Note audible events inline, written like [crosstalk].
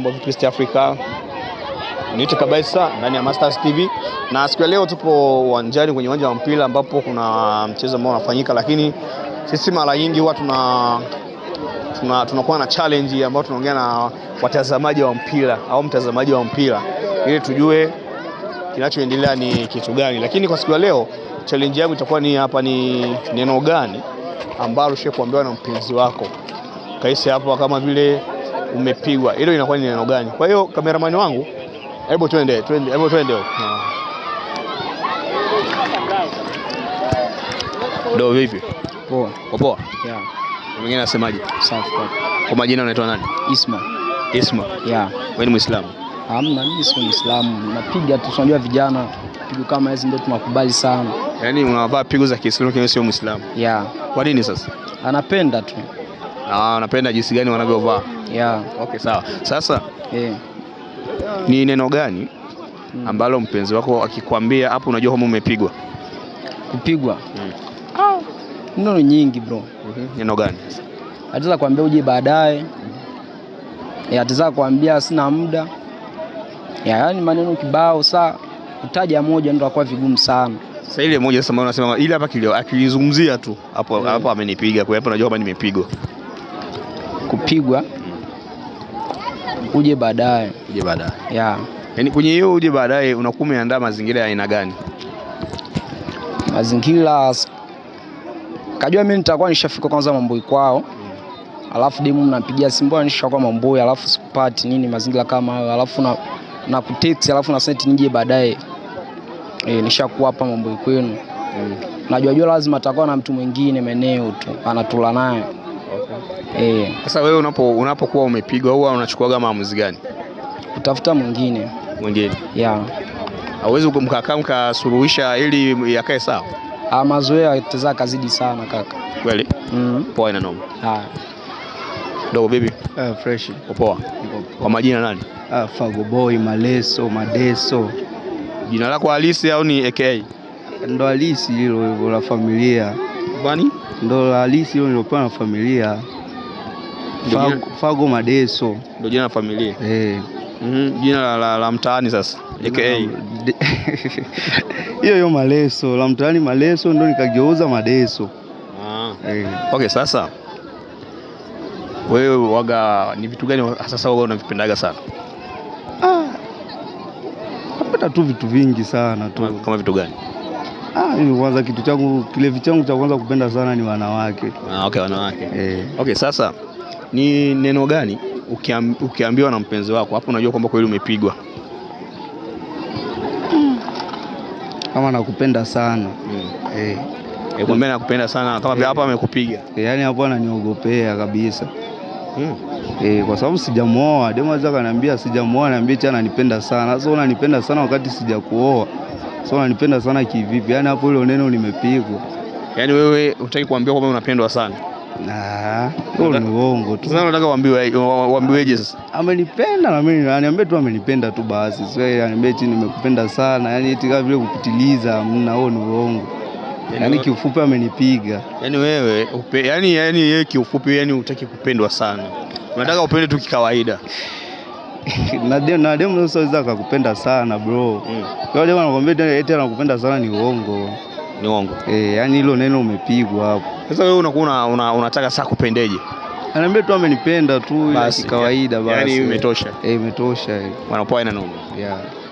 mambo vipi East Africa? Niite kabisa ndani ya Masters TV, na siku ya leo tupo uwanjani kwenye uwanja wa mpira ambapo kuna mchezo ambao unafanyika, lakini sisi mara nyingi huwa tuna tunakuwa tuna, tunakuwa na challenge ambayo tunaongea na watazamaji wa mpira au mtazamaji wa mpira ili tujue kinachoendelea ni kitu gani, lakini kwa siku ya leo challenge yangu itakuwa ni hapa, ni neno gani ambalo ushakuambiwa na mpenzi wako kaisi hapo kama vile umepigwa, hilo inakuwa ni neno gani? Kwa hiyo kameramani wangu, hebu twende twende, hebu twende do. Vipi? Poa. Poa. Yeah. Mwingine anasemaje? Safi. Kwa majina unaitwa nani? Isma. Isma. Yeah. Wewe ni Muislamu? Hamna, mimi si Muislamu. Napiga tu, tunajua vijana pigo kama hizi ndio tunakubali sana. Yaani unavaa pigo za Kiislamu kama sio Muislamu? Yeah. Kwa nini sasa? Anapenda tu na ah, napenda jinsi gani wanavyovaa. Yeah. Okay, sawa. Sasa yeah. Ni neno gani hmm. ambalo mpenzi wako akikwambia hapo unajua homa umepigwa? Kupigwa. Mm. Ah, neno nyingi bro. Mm -hmm. Neno gani? Ataweza kuambia uje baadaye. Hmm. Yeah, ataweza kuambia sina muda. Ya, yani maneno kibao saa kutaja moja ndio kwa vigumu sana. Sasa ile moja sasa unasema ile hapa kilio akilizungumzia tu hapo hmm. hapo amenipiga kwa hiyo hapo najua kama nimepigwa kupigwa uje baadaye. Uje baadaye. Yeah. Yani kwenye hiyo uje baadaye unakuwa umeandaa mazingira ya aina gani? Mazingira kajua mimi nitakuwa nishafika kwanza Mambui kwao. Alafu demu mnapigia simu bwana nishakuwa Mambui, alafu sipati nini mazingira kama hayo, alafu na na kutext alafu na senti nije baadaye. Eh, nishakuwa hapa Mambui kwenu. Mm. Najua jua lazima atakuwa na mtu mwingine meneo tu anatula naye. Okay. Eh. Sasa wewe unapo unapokuwa umepigwa huwa unachukuaga maamuzi gani? Kutafuta mwingine. Mwingine. Yeah. Hauwezi mkakaa mkasuluhisha ili yakae sawa? Ah, mazoea yatazaa kazidi sana kaka. Kweli? Mm. Poa ina noma. Ah. Dogo bibi. Ah, fresh. Poa. Kwa majina nani? Ah, Fago Boy, Maleso, Madeso. Jina lako halisi au ni AK? Ndo halisi hilo la familia. Bani? Ndo halisi hilo nilopewa na familia. Fago, Fago Madeso ndo jina la familia hey. Eh. mm -hmm. Jina la, la, la mtaani sasa aka [laughs] hiyo hiyo Maleso la mtaani Maleso ndo nikageuza Madeso. ah. hey. Eh. Okay, sasa wewe waga ni vitu gani sasa waga unavipendaga sana? Ah. Napenda tu vitu vingi sana tu. Kama vitu gani? Ah, kwanza kitu changu kilevi changu cha kwanza kupenda sana ni wanawake. Ah, okay, wanawake. Eh. Okay, sasa ni neno gani ukiambiwa na mpenzi wako hapo unajua kwamba kweli umepigwa? Hmm. Kama nakupenda sana. Mm. Eh. kumbe nakupenda sana kama vile eh. hapa amekupiga. eh, yani hapo ananiogopea kabisa. Mm. eh, kwa sababu sijamuoa. demo, anaweza kaniambia sijamuoa, niambie cha ananipenda sana. Sasa unanipenda sana wakati sijakuoa so wananipenda sana kivipi? Yani hapo ile neno limepigwa. Yani wewe unataka kuambia kwamba unapendwa sana? Nah, ni uongo tu. Sasa unataka uambiwe uambiweje sasa? Amenipenda na mimi aniambie tu amenipenda tu basi. Sio yeye aniambia nimekupenda sana. Yani eti kama vile kupitiliza, Mna huo ni uongo. Yani yaani kiufupi amenipiga. Yani wewe upe, yani yani yeye kiufupi yani unataka kupendwa sana. Unataka upende tu kikawaida. [laughs] na sasa siweza akakupenda sana bro. Mm. Kwa demu anakuambia tena eti anakupenda sana ni uongo. Ni uongo. Eh, yani hilo neno umepigwa hapo. Sasa wewe unakuwa una, unataka saa kupendeje? Anaambia tu amenipenda tu kawaida yaani basi. Yaani imetosha. Eh, imetosha. Wanapoa ina noma. Yeah.